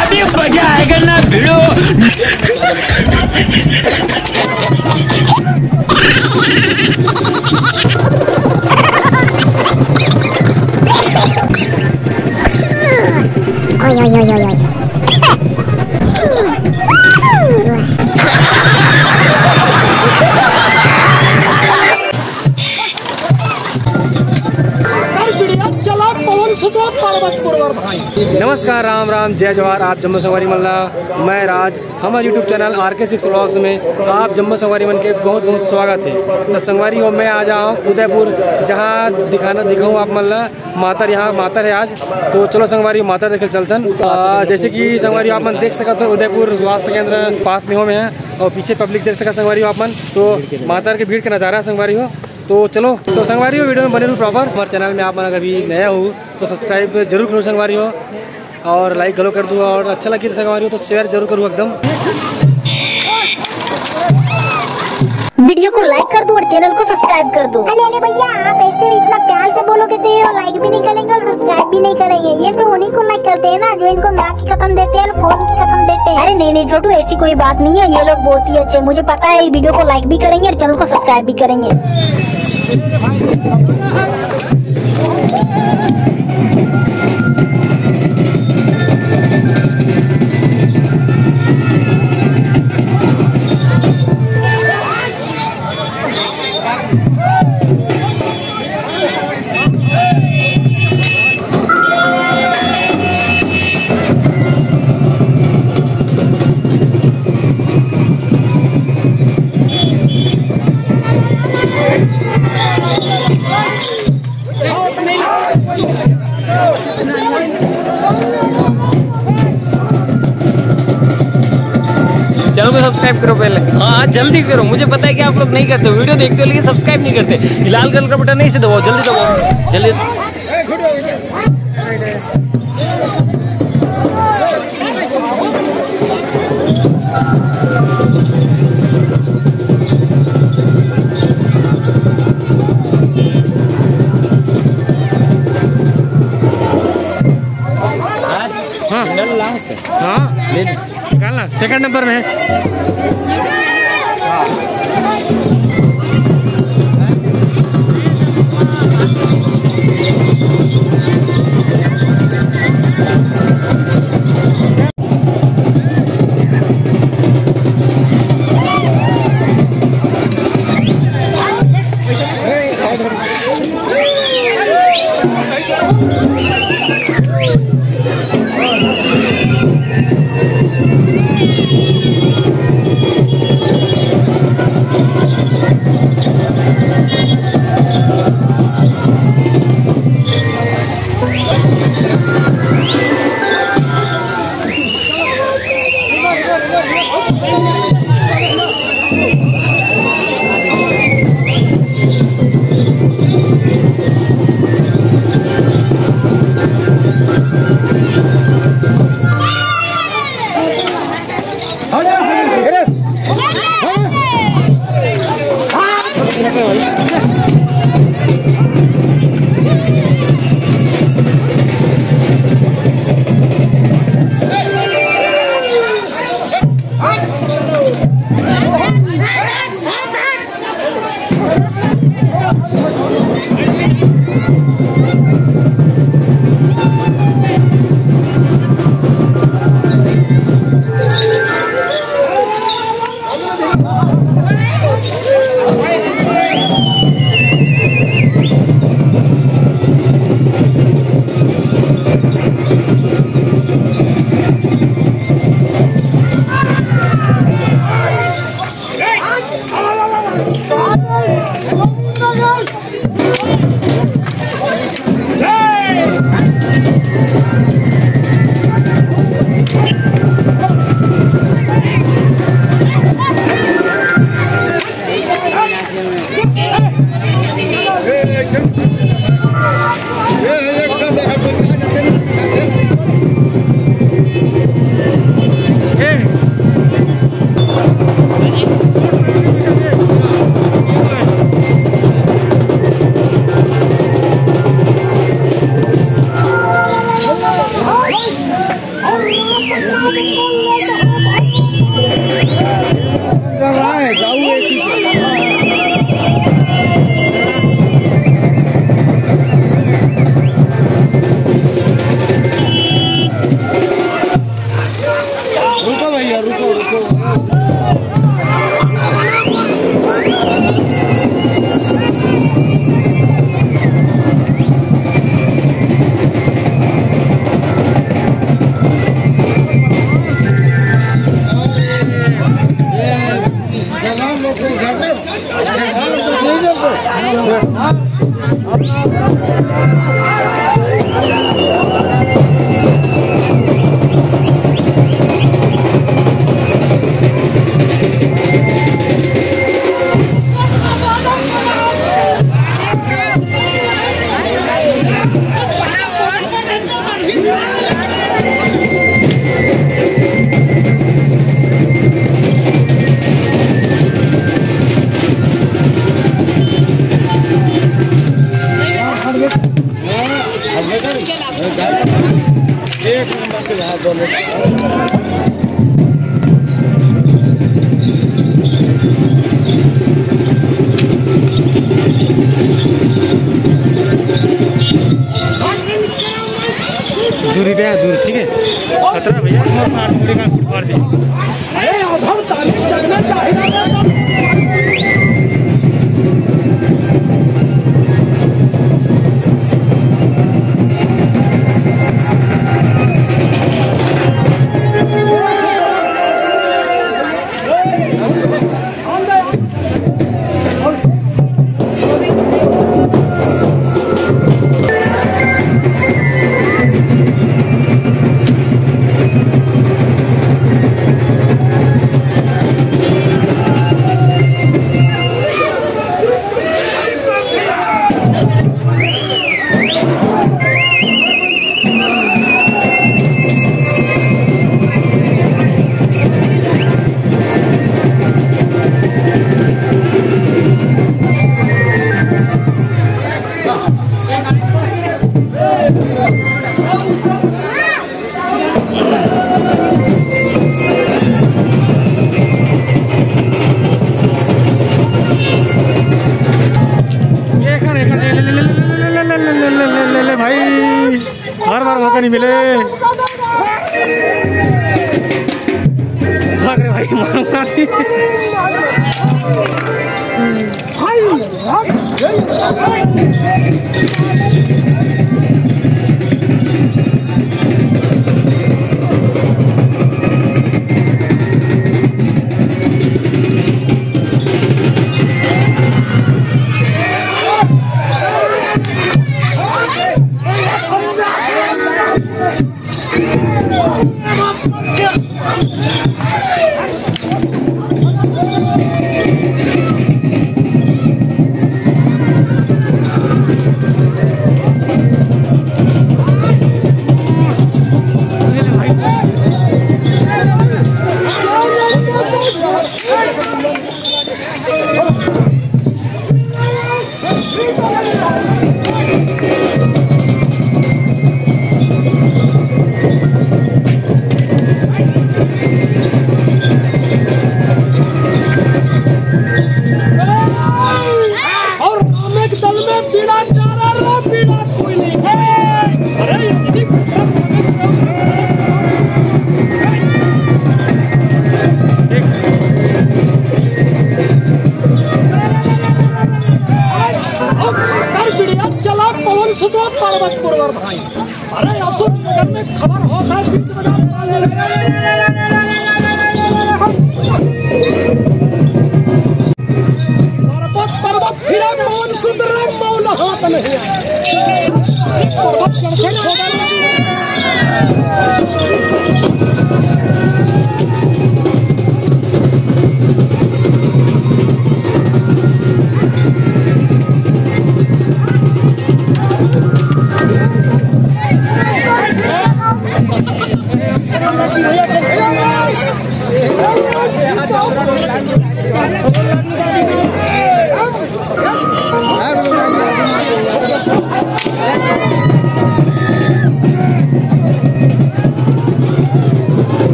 अभी मजा आएगा ना भिड़ो राम जय जवाहर आप जम्मू सवारी मल्ला मैं राज हमारे YouTube channel R K six blogs में आप जम्मू सवारी मन के बहुत बहुत स्वागत है तो संगवारी हो मैं आ जाऊँ उदयपुर जहाँ दिखाना दिखाऊँ आप मल्ला मातर यहाँ मातर है आज तो चलो संगवारी मातर देखे चलतन जैसे कि संगवारी आप मन देख सकते हो उदयपुर स्वास्थ्य केंद्र पास में हो मैं और पीछे पब्लिक देख सका संगवारी हो आप मन तो मातर के भीड़ का नज़ारा है संगवारी हो तो चलो तो संगवारी हो वीडियो में बने रहो प्रॉपर हमारे चैनल में आप मन अगर भी नया हो तो सब्सक्राइब जरूर करो संगवारी हो और लाइक गलो कर दूँगा और अच्छा लगे जैसे हो तो शेयर जरूर करूँ एकदम वीडियो को लाइक कर दो और चैनल को सब्सक्राइब कर दो अले अले भैया आप ऐसे भी इतना प्यार से बोलोगे तो ये लाइक भी नहीं करेंगे और सब्सक्राइब भी नहीं करेंगे ये तो उन्हीं को लाइक करते हैं ना जो इनको मैप की खत्म देते हैं और फोन की खत्म देते हैं अरे नहीं नहीं छोटू ऐसी कोई बात नहीं है ये लोग बहुत ही अच्छे मुझे पता है वीडियो को लाइक भी करेंगे और चैनल को सब्सक्राइब भी करेंगे जल्दी करो मुझे पता है कि आप लोग नहीं करते वीडियो देखते हो लेकिन सब्सक्राइब नहीं करते लाल कलर का बटन नहीं से दबाओ जल्दी दबाओ जल्दी हाँ हाँ सेकंड नंबर में Oh, my God.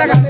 लगा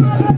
Thank you.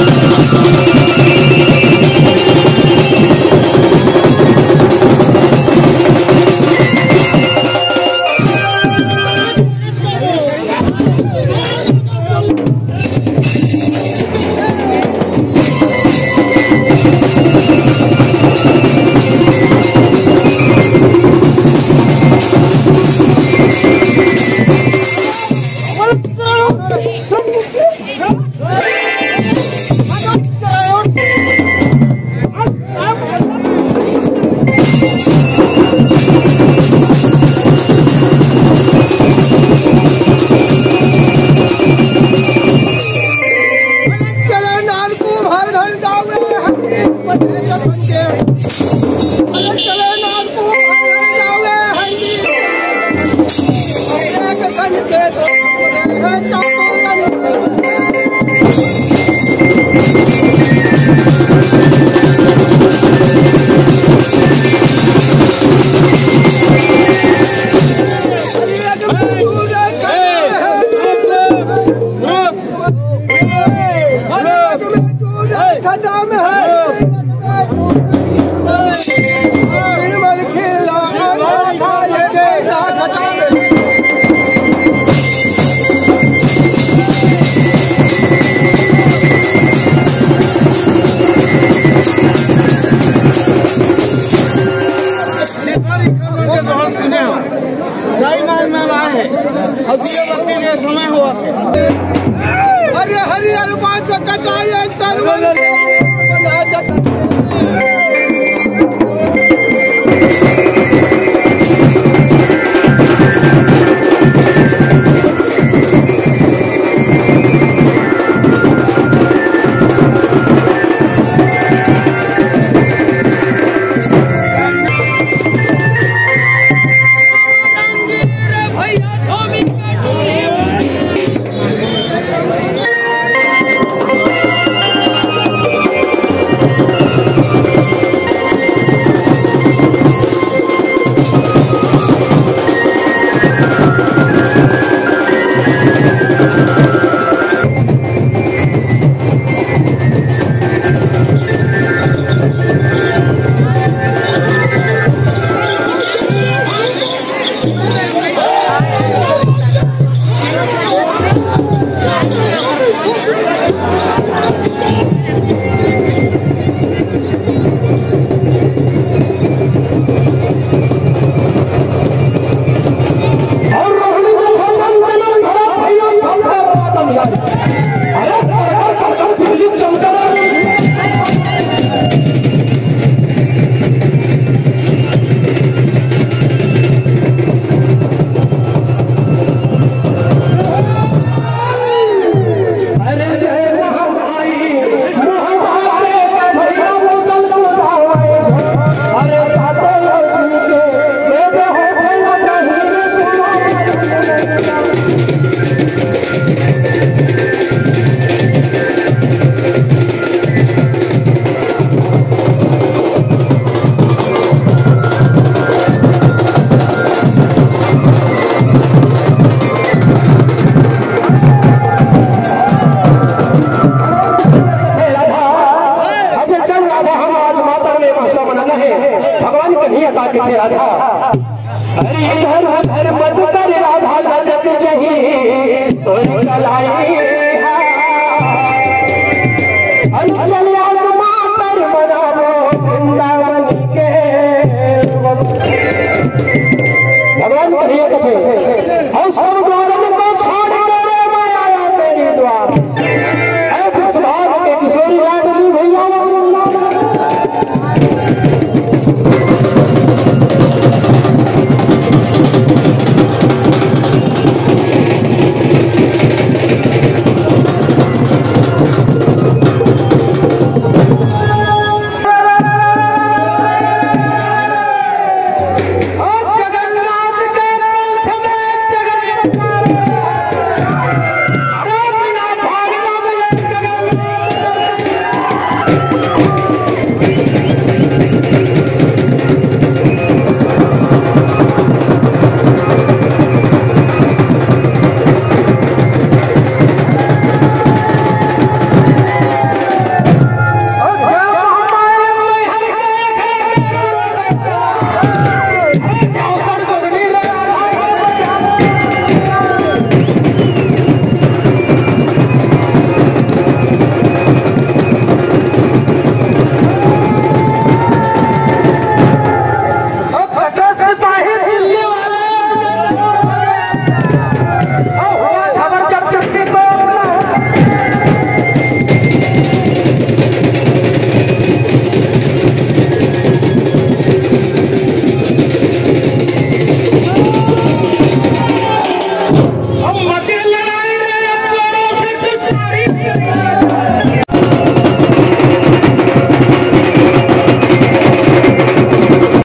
Thank you.